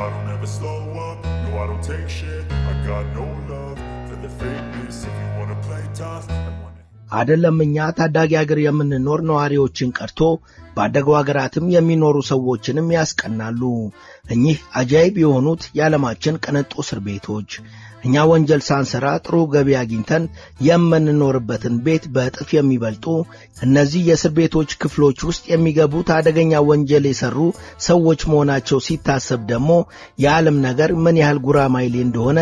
I don't ever slow up, no I don't take shit I got no love for the fakeness If you wanna play tough አደለም እኛ ታዳጊ ሀገር የምንኖር ነዋሪዎችን ቀርቶ ባደገው ሀገራትም የሚኖሩ ሰዎችንም ያስቀናሉ እኚህ አጃይብ የሆኑት የዓለማችን ቅንጡ እስር ቤቶች። እኛ ወንጀል ሳንሰራ ጥሩ ገቢ አግኝተን የምንኖርበትን ቤት በእጥፍ የሚበልጡ እነዚህ የእስር ቤቶች ክፍሎች ውስጥ የሚገቡት አደገኛ ወንጀል የሰሩ ሰዎች መሆናቸው ሲታሰብ ደግሞ የዓለም ነገር ምን ያህል ጉራማይሌ እንደሆነ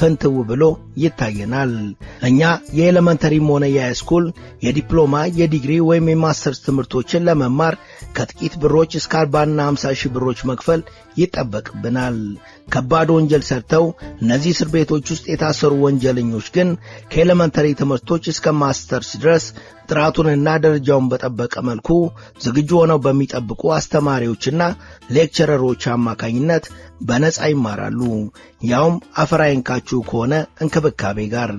ፍንትው ብሎ ይታየናል። እኛ የኤሌመንተሪም ሆነ የሃይስኩል የዲፕሎማ የዲግሪ ወይም የማስተርስ ትምህርቶችን ለመማር ከጥቂት ብሮች እስከ 40ና ሺህ ብሮች መክፈል ይጠበቅብናል። ከባድ ወንጀል ሰርተው እነዚህ እስር ቤቶች ክልሎች ውስጥ የታሰሩ ወንጀለኞች ግን ከኤሌመንተሪ ትምህርቶች እስከ ማስተርስ ድረስ ጥራቱንና ደረጃውን በጠበቀ መልኩ ዝግጁ ሆነው በሚጠብቁ አስተማሪዎችና ሌክቸረሮች አማካኝነት በነጻ ይማራሉ። ያውም አፈራይንካችሁ ከሆነ እንክብካቤ ጋር።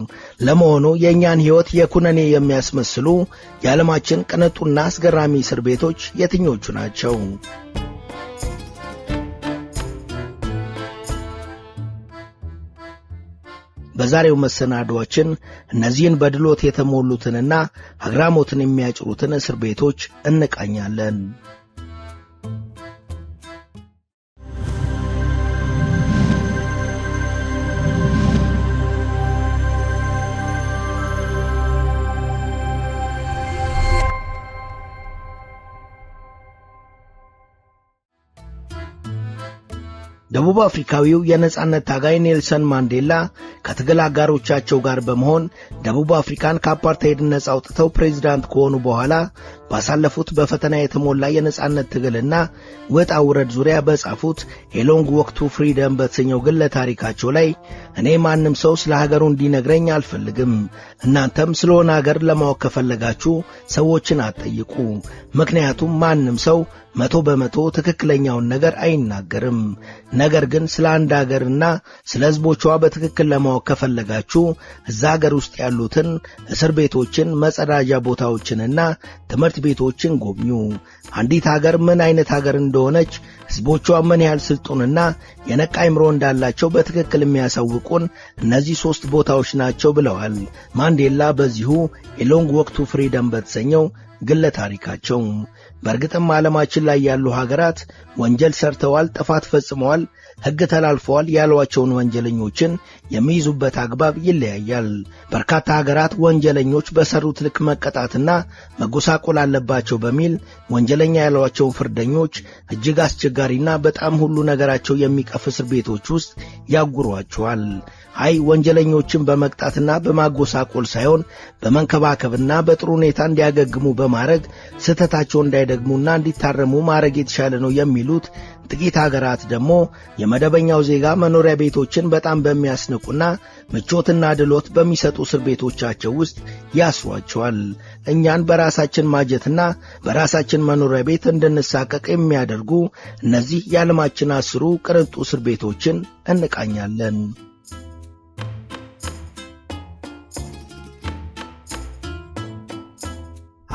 ለመሆኑ የእኛን ሕይወት የኩነኔ የሚያስመስሉ የዓለማችን ቅንጡና አስገራሚ እስር ቤቶች የትኞቹ ናቸው? በዛሬው መሰናዷችን እነዚህን በድሎት የተሞሉትንና አግራሞትን የሚያጭሩትን እስር ቤቶች እንቃኛለን። ደቡብ አፍሪካዊው የነጻነት ታጋይ ኔልሰን ማንዴላ ከትግል አጋሮቻቸው ጋር በመሆን ደቡብ አፍሪካን ከአፓርታይድ ነጻ አውጥተው ፕሬዚዳንት ከሆኑ በኋላ ባሳለፉት በፈተና የተሞላ የነጻነት ትግልና ወጣ ውረድ ዙሪያ በጻፉት የሎንግ ዎክ ቱ ፍሪደም በተሰኘው ግለ ታሪካቸው ላይ እኔ ማንም ሰው ስለ ሀገሩ እንዲነግረኝ አልፈልግም፣ እናንተም ስለሆነ ሀገር ለማወቅ ከፈለጋችሁ ሰዎችን አትጠይቁ፣ ምክንያቱም ማንም ሰው መቶ በመቶ ትክክለኛውን ነገር አይናገርም። ነገር ግን ስለ አንድ አገርና ስለ ሕዝቦቿ በትክክል ለማወቅ ከፈለጋችሁ እዛ አገር ውስጥ ያሉትን እስር ቤቶችን፣ መጸዳጃ ቦታዎችንና ትምህርት ቤቶችን ጎብኙ። አንዲት ሀገር ምን አይነት ሀገር እንደሆነች፣ ሕዝቦቿ ምን ያህል ስልጡንና የነቃ አይምሮ እንዳላቸው በትክክል የሚያሳውቁን እነዚህ ሦስት ቦታዎች ናቸው ብለዋል ማንዴላ በዚሁ የሎንግ ወቅቱ ፍሪደም በተሰኘው ግለ ታሪካቸው። በእርግጥም ዓለማችን ላይ ያሉ ሀገራት ወንጀል ሰርተዋል፣ ጥፋት ፈጽመዋል፣ ሕግ ተላልፈዋል ያሏቸውን ወንጀለኞችን የሚይዙበት አግባብ ይለያያል። በርካታ ሀገራት ወንጀለኞች በሰሩት ልክ መቀጣትና መጎሳቆል አለባቸው በሚል ወንጀለኛ ያሏቸውን ፍርደኞች እጅግ አስቸጋሪና በጣም ሁሉ ነገራቸው የሚቀፍ እስር ቤቶች ውስጥ ያጉሯቸዋል። አይ ወንጀለኞችን በመቅጣትና በማጎሳቆል ሳይሆን በመንከባከብና በጥሩ ሁኔታ እንዲያገግሙ በማድረግ ስህተታቸው እንዳይደግሙና እንዲታረሙ ማድረግ የተሻለ ነው የሚሉት ጥቂት አገራት ደግሞ የመደበኛው ዜጋ መኖሪያ ቤቶችን በጣም በሚያስንቁና ምቾትና ድሎት በሚሰጡ እስር ቤቶቻቸው ውስጥ ያስሯቸዋል። እኛን በራሳችን ማጀትና በራሳችን መኖሪያ ቤት እንድንሳቀቅ የሚያደርጉ እነዚህ የዓለማችን አስሩ ቅንጡ እስር ቤቶችን እንቃኛለን።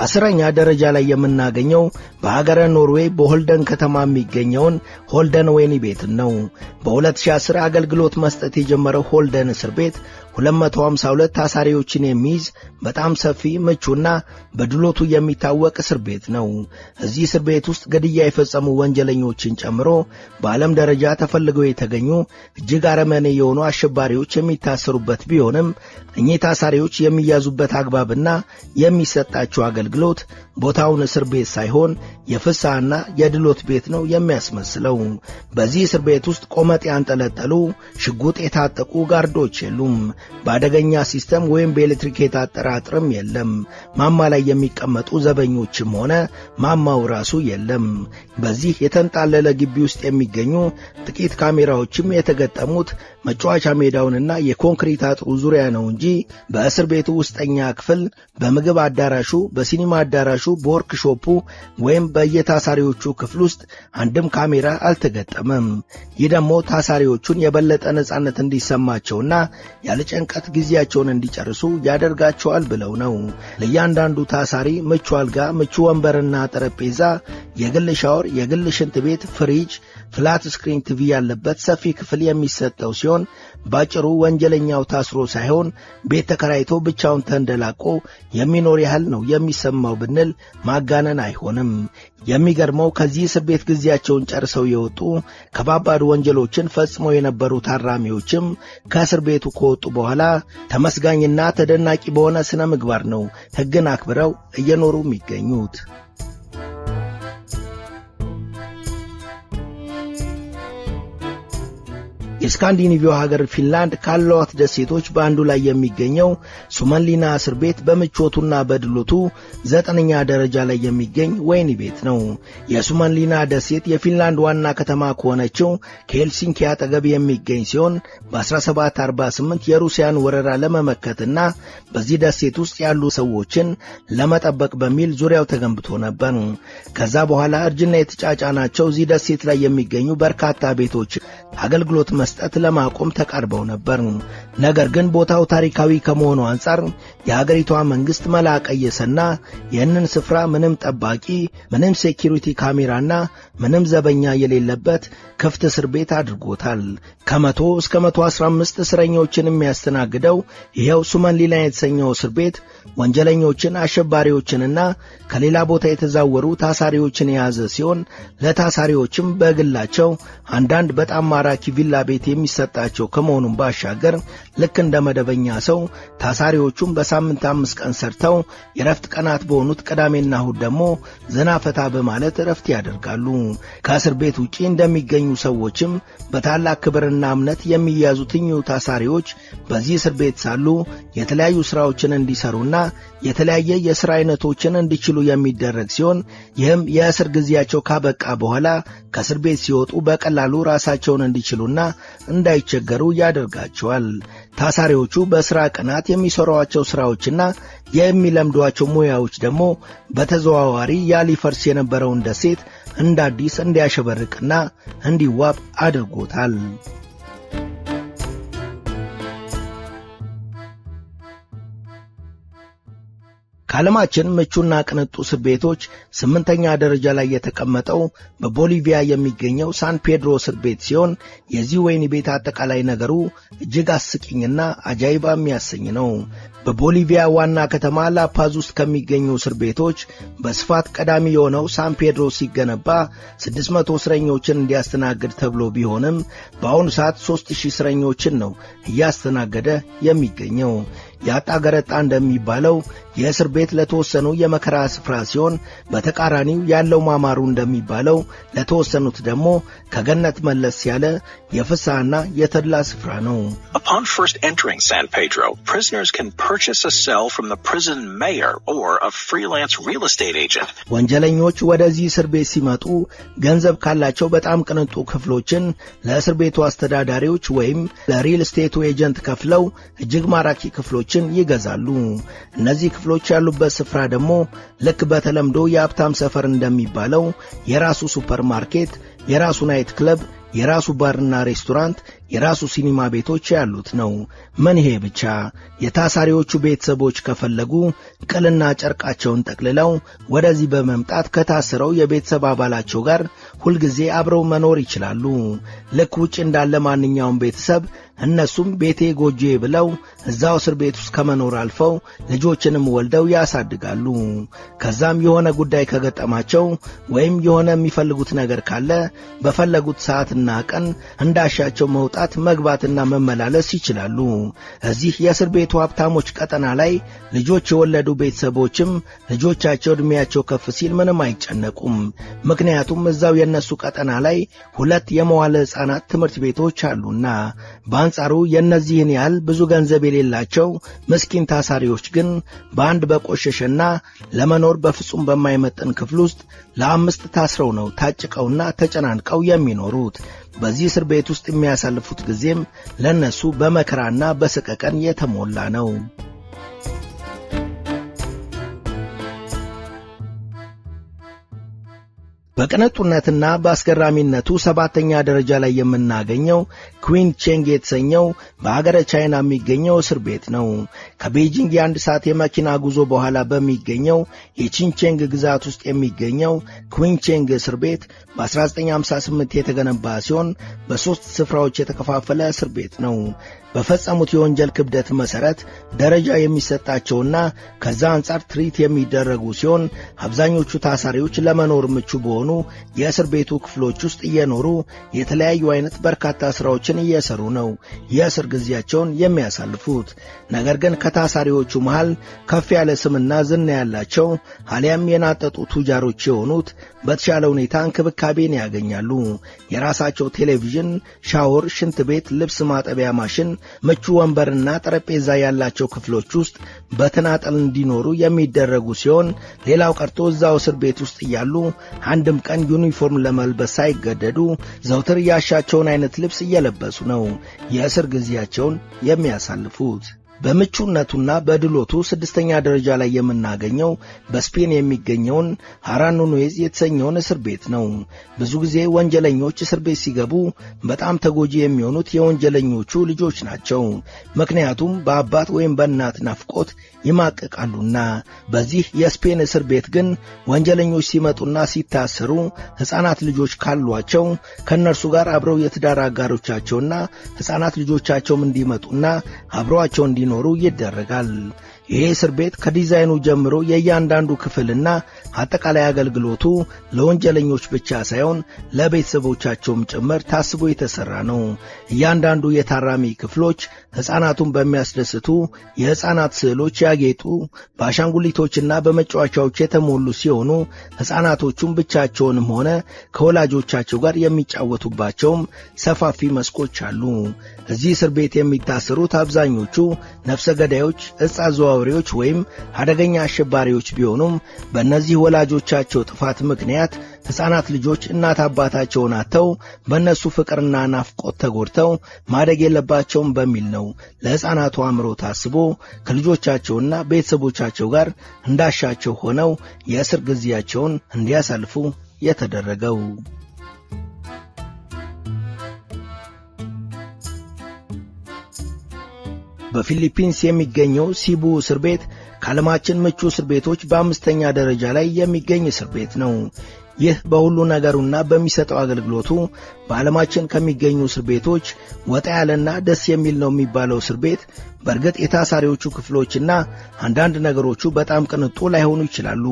አስረኛ ደረጃ ላይ የምናገኘው በሀገረ ኖርዌይ በሆልደን ከተማ የሚገኘውን ሆልደን ወይኒ ቤትን ነው። በ2010 አገልግሎት መስጠት የጀመረው ሆልደን እስር ቤት 252 ታሳሪዎችን የሚይዝ በጣም ሰፊ ምቹና በድሎቱ የሚታወቅ እስር ቤት ነው። እዚህ እስር ቤት ውስጥ ግድያ የፈጸሙ ወንጀለኞችን ጨምሮ በዓለም ደረጃ ተፈልገው የተገኙ እጅግ አረመኔ የሆኑ አሸባሪዎች የሚታሰሩበት ቢሆንም እኚህ ታሳሪዎች የሚያዙበት አግባብና የሚሰጣቸው አገልግሎት ቦታውን እስር ቤት ሳይሆን የፍሳና የድሎት ቤት ነው የሚያስመስለው። በዚህ እስር ቤት ውስጥ ቆመጥ ያንጠለጠሉ፣ ሽጉጥ የታጠቁ ጋርዶች የሉም። በአደገኛ ሲስተም ወይም በኤሌክትሪክ የታጠረ አጥርም የለም። ማማ ላይ የሚቀመጡ ዘበኞችም ሆነ ማማው ራሱ የለም። በዚህ የተንጣለለ ግቢ ውስጥ የሚገኙ ጥቂት ካሜራዎችም የተገጠሙት መጫወቻ ሜዳውንና የኮንክሪት አጥሩ ዙሪያ ነው እንጂ በእስር ቤቱ ውስጠኛ ክፍል፣ በምግብ አዳራሹ፣ በሲኒማ አዳራሹ በወርክሾፑ ወይም በየታሳሪዎቹ ክፍል ውስጥ አንድም ካሜራ አልተገጠመም። ይህ ደግሞ ታሳሪዎቹን የበለጠ ነጻነት እንዲሰማቸውና ያለ ጭንቀት ጊዜያቸውን እንዲጨርሱ ያደርጋቸዋል ብለው ነው። ለእያንዳንዱ ታሳሪ ምቹ አልጋ፣ ምቹ ወንበርና ጠረጴዛ፣ የግል ሻወር፣ የግል ሽንት ቤት፣ ፍሪጅ፣ ፍላት ስክሪን ቲቪ ያለበት ሰፊ ክፍል የሚሰጠው ሲሆን ባጭሩ ወንጀለኛው ታስሮ ሳይሆን ቤት ተከራይቶ ብቻውን ተንደላቆ የሚኖር ያህል ነው የሚሰማው ብንል ማጋነን አይሆንም። የሚገርመው ከዚህ እስር ቤት ጊዜያቸውን ጨርሰው የወጡ ከባባድ ወንጀሎችን ፈጽመው የነበሩ ታራሚዎችም ከእስር ቤቱ ከወጡ በኋላ ተመስጋኝና ተደናቂ በሆነ ሥነ ምግባር ነው ሕግን አክብረው እየኖሩ የሚገኙት። የስካንዲኔቪያ ሀገር ፊንላንድ ካሏት ደሴቶች በአንዱ ላይ የሚገኘው ሱመንሊና እስር ቤት በምቾቱና በድሎቱ ዘጠነኛ ደረጃ ላይ የሚገኝ ወይኒ ቤት ነው። የሱመንሊና ደሴት የፊንላንድ ዋና ከተማ ከሆነችው ከሄልሲንኪ አጠገብ የሚገኝ ሲሆን በ1748 የሩሲያን ወረራ ለመመከትና በዚህ ደሴት ውስጥ ያሉ ሰዎችን ለመጠበቅ በሚል ዙሪያው ተገንብቶ ነበር። ከዛ በኋላ እርጅና የተጫጫናቸው እዚህ ደሴት ላይ የሚገኙ በርካታ ቤቶች አገልግሎት መስ መስጠት ለማቆም ተቃርበው ነበር። ነገር ግን ቦታው ታሪካዊ ከመሆኑ አንጻር የሀገሪቷ መንግሥት መላቀየሰና ይህንን ስፍራ ምንም ጠባቂ፣ ምንም ሴኪሪቲ ካሜራና ምንም ዘበኛ የሌለበት ክፍት እስር ቤት አድርጎታል። ከመቶ እስከ መቶ አስራ አምስት እስረኞችን የሚያስተናግደው ይኸው ሱመን ሊላ የተሰኘው እስር ቤት ወንጀለኞችን፣ አሸባሪዎችንና ከሌላ ቦታ የተዛወሩ ታሳሪዎችን የያዘ ሲሆን ለታሳሪዎችም በግላቸው አንዳንድ በጣም ማራኪ ቪላ ቤት የሚሰጣቸው ከመሆኑም ባሻገር ልክ እንደ መደበኛ ሰው ታሳሪዎቹም በሳምንት አምስት ቀን ሰርተው የረፍት ቀናት በሆኑት ቅዳሜና እሁድ ደግሞ ዘናፈታ በማለት እረፍት ያደርጋሉ። ከእስር ቤት ውጪ እንደሚገኙ ሰዎችም በታላቅ ክብርና እምነት የሚያዙትኝ ታሳሪዎች በዚህ እስር ቤት ሳሉ የተለያዩ ሥራዎችን እንዲሠሩና የተለያየ የሥራ ዐይነቶችን እንዲችሉ የሚደረግ ሲሆን ይህም የእስር ጊዜያቸው ካበቃ በኋላ ከእስር ቤት ሲወጡ በቀላሉ ራሳቸውን እንዲችሉና እንዳይቸገሩ ያደርጋቸዋል። ታሳሪዎቹ በሥራ ቀናት የሚሠሯቸው ሥራዎችና የሚለምዷቸው ሙያዎች ደግሞ በተዘዋዋሪ ያሊፈርስ የነበረውን ደሴት እንደ አዲስ እንዲያሸበርቅና እንዲዋብ አድርጎታል። ከዓለማችን ምቹና ቅንጡ እስር ቤቶች ስምንተኛ ደረጃ ላይ የተቀመጠው በቦሊቪያ የሚገኘው ሳን ፔድሮ እስር ቤት ሲሆን የዚህ ወህኒ ቤት አጠቃላይ ነገሩ እጅግ አስቂኝና አጃይባ የሚያሰኝ ነው። በቦሊቪያ ዋና ከተማ ላፓዝ ውስጥ ከሚገኙ እስር ቤቶች በስፋት ቀዳሚ የሆነው ሳን ፔድሮ ሲገነባ 600 እስረኞችን እንዲያስተናግድ ተብሎ ቢሆንም በአሁኑ ሰዓት 3000 እስረኞችን ነው እያስተናገደ የሚገኘው። ያጣ ገረጣ እንደሚባለው የእስር ቤት ለተወሰኑ የመከራ ስፍራ ሲሆን፣ በተቃራኒው ያለው ማማሩ እንደሚባለው ለተወሰኑት ደግሞ ከገነት መለስ ያለ የፍስሐና የተድላ ስፍራ ነው። ወንጀለኞች ወደዚህ እስር ቤት ሲመጡ ገንዘብ ካላቸው በጣም ቅንጡ ክፍሎችን ለእስር ቤቱ አስተዳዳሪዎች ወይም ለሪል ስቴቱ ኤጀንት ከፍለው እጅግ ማራኪ ክፍሎችን ይገዛሉ። እነዚህ ክፍሎች ያሉበት ስፍራ ደግሞ ልክ በተለምዶ የሀብታም ሰፈር እንደሚባለው የራሱ ሱፐር ማርኬት፣ የራሱ ናይት ክለብ፣ የራሱ ባርና ሬስቶራንት፣ የራሱ ሲኒማ ቤቶች ያሉት ነው። ምን ይሄ ብቻ! የታሳሪዎቹ ቤተሰቦች ከፈለጉ ቅልና ጨርቃቸውን ጠቅልለው ወደዚህ በመምጣት ከታሰረው የቤተሰብ አባላቸው ጋር ሁልጊዜ አብረው መኖር ይችላሉ። ልክ ውጭ እንዳለ ማንኛውም ቤተሰብ እነሱም ቤቴ ጎጄ ብለው እዛው እስር ቤት ውስጥ ከመኖር አልፈው ልጆችንም ወልደው ያሳድጋሉ። ከዛም የሆነ ጉዳይ ከገጠማቸው ወይም የሆነ የሚፈልጉት ነገር ካለ በፈለጉት ሰዓትና ቀን እንዳሻቸው መውጣት መግባትና መመላለስ ይችላሉ። እዚህ የእስር ቤቱ ሀብታሞች ቀጠና ላይ ልጆች የወለዱ ቤተሰቦችም ልጆቻቸው ዕድሜያቸው ከፍ ሲል ምንም አይጨነቁም። ምክንያቱም እዛው የእነሱ ቀጠና ላይ ሁለት የመዋለ ሕፃናት ትምህርት ቤቶች አሉና በአንጻሩ የእነዚህን ያህል ብዙ ገንዘብ የሌላቸው ምስኪን ታሳሪዎች ግን በአንድ በቆሸሸና ለመኖር በፍጹም በማይመጥን ክፍል ውስጥ ለአምስት ታስረው ነው ታጭቀውና ተጨናንቀው የሚኖሩት። በዚህ እስር ቤት ውስጥ የሚያሳልፉት ጊዜም ለእነሱ በመከራና በሰቀቀን የተሞላ ነው። በቅንጡነትና በአስገራሚነቱ ሰባተኛ ደረጃ ላይ የምናገኘው ኩዊን ቼንግ የተሰኘው በአገረ ቻይና የሚገኘው እስር ቤት ነው። ከቤጂንግ የአንድ ሰዓት የመኪና ጉዞ በኋላ በሚገኘው የቺንቼንግ ግዛት ውስጥ የሚገኘው ኩዊን ቼንግ እስር ቤት በ1958 የተገነባ ሲሆን በሦስት ስፍራዎች የተከፋፈለ እስር ቤት ነው። በፈጸሙት የወንጀል ክብደት መሠረት ደረጃ የሚሰጣቸውና ከዛ አንጻር ትርኢት የሚደረጉ ሲሆን አብዛኞቹ ታሳሪዎች ለመኖር ምቹ በሆኑ የእስር ቤቱ ክፍሎች ውስጥ እየኖሩ የተለያዩ አይነት በርካታ ሥራዎችን ሥራዎችን እየሰሩ ነው የእስር ጊዜያቸውን የሚያሳልፉት። ነገር ግን ከታሳሪዎቹ መሃል ከፍ ያለ ስምና ዝና ያላቸው አሊያም የናጠጡ ቱጃሮች የሆኑት በተሻለ ሁኔታ እንክብካቤን ያገኛሉ። የራሳቸው ቴሌቪዥን፣ ሻወር፣ ሽንት ቤት፣ ልብስ ማጠቢያ ማሽን፣ ምቹ ወንበርና ጠረጴዛ ያላቸው ክፍሎች ውስጥ በተናጠል እንዲኖሩ የሚደረጉ ሲሆን ሌላው ቀርቶ እዛው እስር ቤት ውስጥ እያሉ አንድም ቀን ዩኒፎርም ለመልበስ ሳይገደዱ ዘውትር ያሻቸውን አይነት ልብስ እየለበሱ ነው የእስር ጊዜያቸውን የሚያሳልፉት። በምቹነቱና በድሎቱ ስድስተኛ ደረጃ ላይ የምናገኘው በስፔን የሚገኘውን ሃራኑኔዝ የተሰኘውን እስር ቤት ነው። ብዙ ጊዜ ወንጀለኞች እስር ቤት ሲገቡ በጣም ተጎጂ የሚሆኑት የወንጀለኞቹ ልጆች ናቸው። ምክንያቱም በአባት ወይም በእናት ናፍቆት ይማቅቃሉና። በዚህ የስፔን እስር ቤት ግን ወንጀለኞች ሲመጡና ሲታሰሩ ሕፃናት ልጆች ካሏቸው ከእነርሱ ጋር አብረው የትዳር አጋሮቻቸውና ሕፃናት ልጆቻቸውም እንዲመጡና አብረዋቸው እንዲ እንዲኖሩ ይደረጋል። ይሄ እስር ቤት ከዲዛይኑ ጀምሮ የእያንዳንዱ ክፍልና አጠቃላይ አገልግሎቱ ለወንጀለኞች ብቻ ሳይሆን ለቤተሰቦቻቸውም ጭምር ታስቦ የተሠራ ነው። እያንዳንዱ የታራሚ ክፍሎች ሕፃናቱን በሚያስደስቱ የሕፃናት ስዕሎች ያጌጡ፣ በአሻንጉሊቶችና በመጫወቻዎች የተሞሉ ሲሆኑ ሕፃናቶቹም ብቻቸውንም ሆነ ከወላጆቻቸው ጋር የሚጫወቱባቸውም ሰፋፊ መስኮች አሉ። እዚህ እስር ቤት የሚታሰሩት አብዛኞቹ ነፍሰ ገዳዮች፣ ዕፅ አዘዋዋሪዎች ወይም አደገኛ አሸባሪዎች ቢሆኑም በእነዚህ ወላጆቻቸው ጥፋት ምክንያት ሕፃናት ልጆች እናት አባታቸውን አጥተው በእነሱ ፍቅርና ናፍቆት ተጎድተው ማደግ የለባቸውም በሚል ነው ለሕፃናቱ አእምሮ ታስቦ ከልጆቻቸውና ቤተሰቦቻቸው ጋር እንዳሻቸው ሆነው የእስር ጊዜያቸውን እንዲያሳልፉ የተደረገው። በፊሊፒንስ የሚገኘው ሲቡ እስር ቤት ከዓለማችን ምቹ እስር ቤቶች በአምስተኛ ደረጃ ላይ የሚገኝ እስር ቤት ነው። ይህ በሁሉ ነገሩና በሚሰጠው አገልግሎቱ በዓለማችን ከሚገኙ እስር ቤቶች ወጣ ያለና ደስ የሚል ነው የሚባለው እስር ቤት በእርግጥ የታሳሪዎቹ ክፍሎችና አንዳንድ ነገሮቹ በጣም ቅንጡ ላይሆኑ ይችላሉ።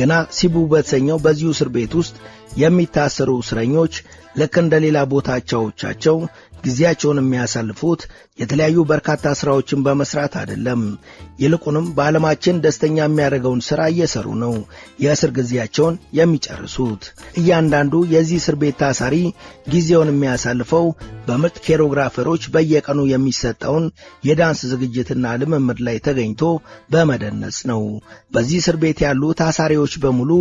ግና ሲቡ በተሰኘው በዚሁ እስር ቤት ውስጥ የሚታሰሩ እስረኞች ልክ እንደ ሌላ ቦታዎቻቸው ጊዜያቸውን የሚያሳልፉት የተለያዩ በርካታ ሥራዎችን በመሥራት አይደለም። ይልቁንም በዓለማችን ደስተኛ የሚያደርገውን ሥራ እየሠሩ ነው የእስር ጊዜያቸውን የሚጨርሱት። እያንዳንዱ የዚህ እስር ቤት ታሳሪ ጊዜውን የሚያሳልፈው በምርጥ ኬሮግራፈሮች በየቀኑ የሚሰጠውን የዳንስ ዝግጅትና ልምምድ ላይ ተገኝቶ በመደነስ ነው። በዚህ እስር ቤት ያሉ ታሳሪዎች በሙሉ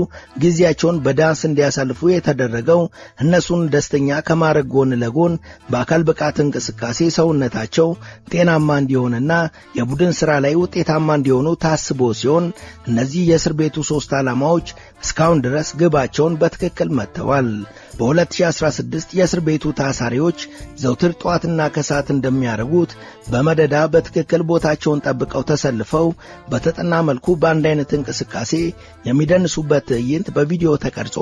ጊዜያቸውን በዳንስ እንዲያሳልፉ የተደረገው እነሱን ደስተኛ ከማድረግ ጎን ለጎን በአካል ብቃት እንቅስቃሴ ሰውነታቸው ሰው ጤናማ እንዲሆንና የቡድን ሥራ ላይ ውጤታማ እንዲሆኑ ታስቦ ሲሆን እነዚህ የእስር ቤቱ ሦስት ዓላማዎች እስካሁን ድረስ ግባቸውን በትክክል መጥተዋል። በ2016 የእስር ቤቱ ታሳሪዎች ዘውትር ጠዋትና ከሰዓት እንደሚያደርጉት በመደዳ በትክክል ቦታቸውን ጠብቀው ተሰልፈው በተጠና መልኩ በአንድ አይነት እንቅስቃሴ የሚደንሱበት ትዕይንት በቪዲዮ ተቀርጾ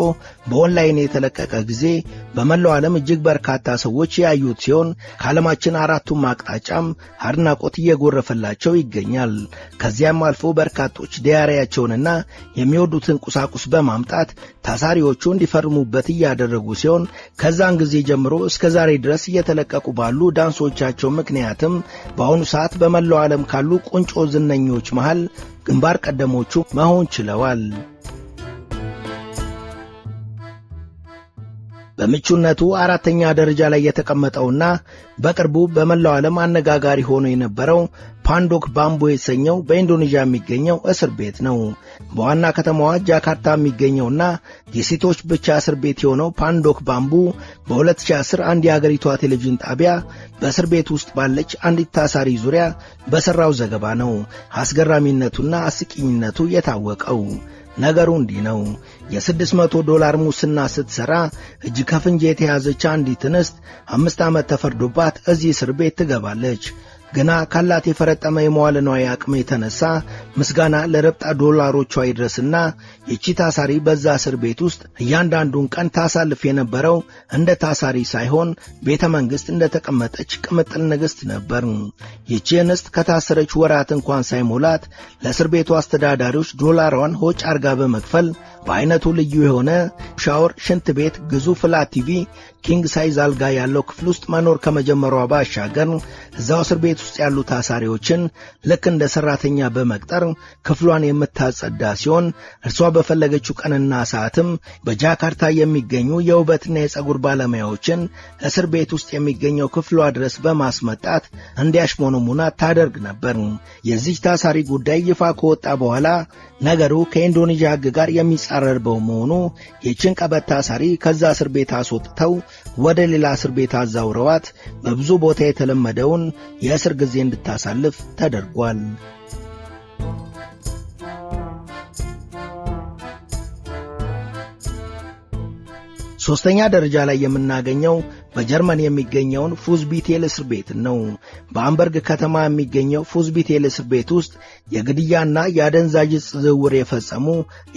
በኦንላይን የተለቀቀ ጊዜ በመላው ዓለም እጅግ በርካታ ሰዎች ያዩት ሲሆን ከዓለማችን አራቱም አቅጣጫም አድናቆት እየጎረፈላቸው ይገኛል። ከዚያም አልፎ በርካቶች ዲያሪያቸውንና የሚወዱትን ቁሳቁስ በማምጣት ታሳሪዎቹ እንዲፈርሙበት እያደረጉ ያደረጉ ሲሆን ከዛን ጊዜ ጀምሮ እስከ ዛሬ ድረስ እየተለቀቁ ባሉ ዳንሶቻቸው ምክንያትም በአሁኑ ሰዓት በመላው ዓለም ካሉ ቁንጮ ዝነኞች መሃል ግንባር ቀደሞቹ መሆን ችለዋል። በምቹነቱ አራተኛ ደረጃ ላይ የተቀመጠውና በቅርቡ በመላው ዓለም አነጋጋሪ ሆኖ የነበረው ፓንዶክ ባምቦ የተሰኘው በኢንዶኔዥያ የሚገኘው እስር ቤት ነው። በዋና ከተማዋ ጃካርታ የሚገኘውና የሴቶች ብቻ እስር ቤት የሆነው ፓንዶክ ባምቡ በ2010 አንድ የአገሪቷ ቴሌቪዥን ጣቢያ በእስር ቤት ውስጥ ባለች አንዲት ታሳሪ ዙሪያ በሠራው ዘገባ ነው አስገራሚነቱና አስቂኝነቱ የታወቀው። ነገሩ እንዲህ ነው። የስድስት መቶ ዶላር ሙስና ስትሠራ እጅ ከፍንጅ የተያዘች አንዲት እንስት አምስት ዓመት ተፈርዶባት እዚህ እስር ቤት ትገባለች። ገና ካላት የፈረጠመ የመዋለ ንዋይ አቅም የተነሳ ምስጋና ለረብጣ ዶላሮቿ ይድረስና የቺ ታሳሪ በዛ እስር ቤት ውስጥ እያንዳንዱን ቀን ታሳልፍ የነበረው እንደ ታሳሪ ሳይሆን ቤተ መንግሥት እንደ ተቀመጠች ቅምጥል ንግሥት ነበር። ይቺ እንስት ከታሰረች ወራት እንኳን ሳይሞላት ለእስር ቤቱ አስተዳዳሪዎች ዶላሯን ሆጭ አርጋ በመክፈል በአይነቱ ልዩ የሆነ ሻወር፣ ሽንት ቤት፣ ግዙፍ ፍላት ቲቪ፣ ኪንግ ሳይዝ አልጋ ያለው ክፍል ውስጥ መኖር ከመጀመሯ ባሻገር እዛው እስር ቤት ቤት ውስጥ ያሉ ታሳሪዎችን ልክ እንደ ሠራተኛ በመቅጠር ክፍሏን የምታጸዳ ሲሆን እርሷ በፈለገችው ቀንና ሰዓትም በጃካርታ የሚገኙ የውበትና የጸጉር ባለሙያዎችን እስር ቤት ውስጥ የሚገኘው ክፍሏ ድረስ በማስመጣት እንዲያሽሞነሙና ታደርግ ነበር። የዚህ ታሳሪ ጉዳይ ይፋ ከወጣ በኋላ ነገሩ ከኢንዶኔዥያ ሕግ ጋር የሚጻረር በመሆኑ የችን ታሳሪ ከዛ እስር ቤት አስወጥተው ወደ ሌላ እስር ቤት አዛውረዋት በብዙ ቦታ የተለመደውን የእስር አጭር ጊዜ እንድታሳልፍ ተደርጓል። ሶስተኛ ደረጃ ላይ የምናገኘው በጀርመን የሚገኘውን ፉዝቢቴል እስር ቤት ነው። በአምበርግ ከተማ የሚገኘው ፉዝቢቴል እስር ቤት ውስጥ የግድያና የአደንዛዥ ዕፅ ዝውውር የፈጸሙ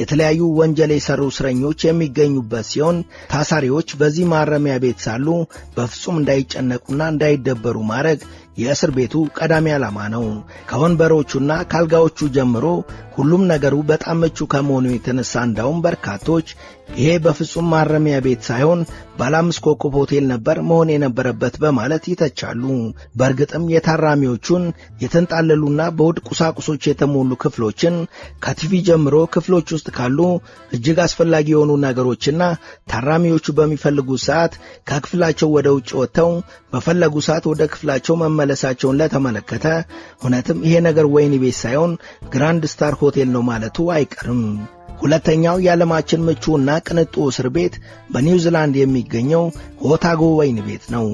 የተለያዩ ወንጀል የሰሩ እስረኞች የሚገኙበት ሲሆን ታሳሪዎች በዚህ ማረሚያ ቤት ሳሉ በፍጹም እንዳይጨነቁና እንዳይደበሩ ማድረግ የእስር ቤቱ ቀዳሚ ዓላማ ነው። ከወንበሮቹና ካልጋዎቹ ጀምሮ ሁሉም ነገሩ በጣም ምቹ ከመሆኑ የተነሳ እንዳውም በርካቶች ይሄ በፍጹም ማረሚያ ቤት ሳይሆን ባለ አምስት ኮከብ ሆቴል ነበር መሆን የነበረበት በማለት ይተቻሉ። በእርግጥም የታራሚዎቹን የተንጣለሉና በውድ ቁሳቁሶች የተሞሉ ክፍሎችን ከቲቪ ጀምሮ ክፍሎች ውስጥ ካሉ እጅግ አስፈላጊ የሆኑ ነገሮችና ታራሚዎቹ በሚፈልጉ ሰዓት ከክፍላቸው ወደ ውጭ ወጥተው በፈለጉ ሰዓት ወደ ክፍላቸው መመለ መመለሳቸውን ለተመለከተ እውነትም ይሄ ነገር ወይን ቤት ሳይሆን ግራንድ ስታር ሆቴል ነው ማለቱ አይቀርም። ሁለተኛው የዓለማችን ምቹና ቅንጡ እስር ቤት በኒውዚላንድ የሚገኘው ሆታጎ ወይን ቤት ነው።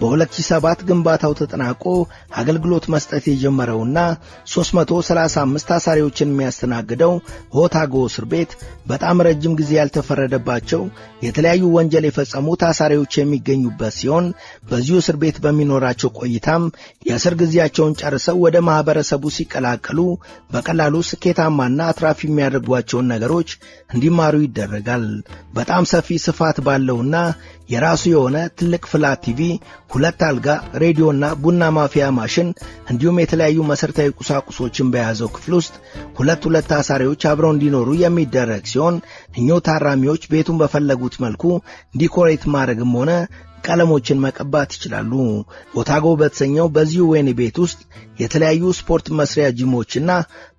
በ2007 ግንባታው ተጠናቆ አገልግሎት መስጠት የጀመረውና 335 አሳሪዎችን የሚያስተናግደው ሆታጎ እስር ቤት በጣም ረጅም ጊዜ ያልተፈረደባቸው የተለያዩ ወንጀል የፈጸሙ ታሳሪዎች የሚገኙበት ሲሆን በዚሁ እስር ቤት በሚኖራቸው ቆይታም የእስር ጊዜያቸውን ጨርሰው ወደ ማኅበረሰቡ ሲቀላቀሉ በቀላሉ ስኬታማና አትራፊ የሚያደርጓቸውን ነገር ነገሮች እንዲማሩ ይደረጋል። በጣም ሰፊ ስፋት ባለውና የራሱ የሆነ ትልቅ ፍላት ቲቪ፣ ሁለት አልጋ፣ ሬዲዮና ቡና ማፍያ ማሽን እንዲሁም የተለያዩ መሠረታዊ ቁሳቁሶችን በያዘው ክፍል ውስጥ ሁለት ሁለት ታሳሪዎች አብረው እንዲኖሩ የሚደረግ ሲሆን እኚሁ ታራሚዎች ቤቱን በፈለጉት መልኩ ዲኮሬት ማድረግም ሆነ ቀለሞችን መቀባት ይችላሉ። ቦታጎ በተሰኘው በዚሁ ወይን ቤት ውስጥ የተለያዩ ስፖርት መስሪያ ጅሞችና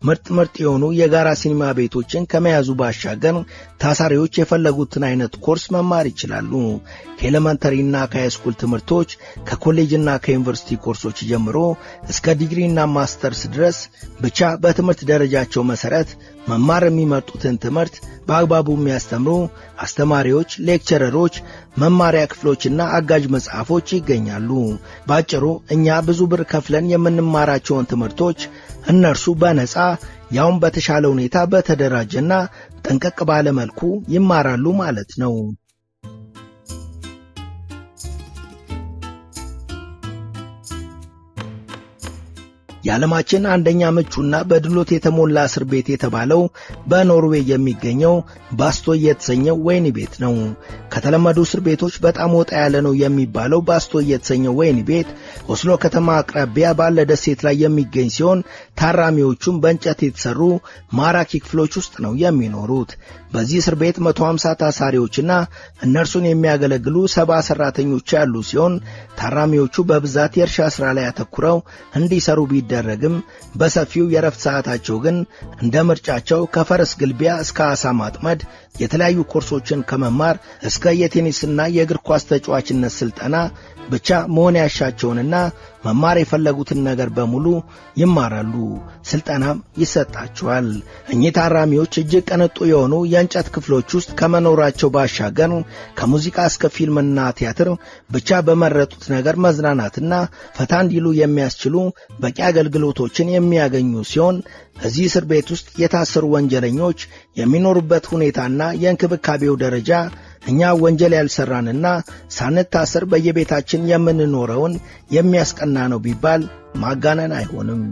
ምርጥ ምርጥ የሆኑ የጋራ ሲኒማ ቤቶችን ከመያዙ ባሻገር ታሳሪዎች የፈለጉትን አይነት ኮርስ መማር ይችላሉ። ከኤሌመንተሪና ከሃይስኩል ትምህርቶች ከኮሌጅና ከዩኒቨርሲቲ ኮርሶች ጀምሮ እስከ ዲግሪና ማስተርስ ድረስ ብቻ በትምህርት ደረጃቸው መሠረት መማር የሚመርጡትን ትምህርት በአግባቡ የሚያስተምሩ አስተማሪዎች፣ ሌክቸረሮች፣ መማሪያ ክፍሎችና አጋዥ መጽሐፎች ይገኛሉ። ባጭሩ እኛ ብዙ ብር ከፍለን የምንማራቸውን ትምህርቶች እነርሱ በነፃ ያውም በተሻለ ሁኔታ በተደራጀና ጠንቀቅ ባለ መልኩ ይማራሉ ማለት ነው። የዓለማችን አንደኛ ምቹና በድሎት የተሞላ እስር ቤት የተባለው በኖርዌይ የሚገኘው ባስቶይ የተሰኘው ወህኒ ቤት ነው። ከተለመዱ እስር ቤቶች በጣም ወጣ ያለ ነው የሚባለው ባስቶ የተሰኘው ወህኒ ቤት ኦስሎ ከተማ አቅራቢያ ባለ ደሴት ላይ የሚገኝ ሲሆን ታራሚዎቹም በእንጨት የተሰሩ ማራኪ ክፍሎች ውስጥ ነው የሚኖሩት። በዚህ እስር ቤት 150 ታሳሪዎችና እነርሱን የሚያገለግሉ ሰባ ሰራተኞች ያሉ ሲሆን ታራሚዎቹ በብዛት የእርሻ ሥራ ላይ አተኩረው እንዲሰሩ ቢደረግም በሰፊው የረፍት ሰዓታቸው ግን እንደ ምርጫቸው ከፈረስ ግልቢያ እስከ አሳ ማጥመድ የተለያዩ ኮርሶችን ከመማር እስከ የቴኒስና የእግር ኳስ ተጫዋችነት ስልጠና ብቻ መሆን ያሻቸውንና መማር የፈለጉትን ነገር በሙሉ ይማራሉ፣ ሥልጠናም ይሰጣቸዋል። እኚህ ታራሚዎች እጅግ ቅንጡ የሆኑ የእንጨት ክፍሎች ውስጥ ከመኖራቸው ባሻገር ከሙዚቃ እስከ ፊልምና ቲያትር ብቻ በመረጡት ነገር መዝናናትና ፈታ እንዲሉ የሚያስችሉ በቂ አገልግሎቶችን የሚያገኙ ሲሆን እዚህ እስር ቤት ውስጥ የታሰሩ ወንጀለኞች የሚኖሩበት ሁኔታና የእንክብካቤው ደረጃ እኛ ወንጀል ያልሠራንና ሳንታሰር በየቤታችን የምንኖረውን የሚያስቀና ነው ቢባል ማጋነን አይሆንም።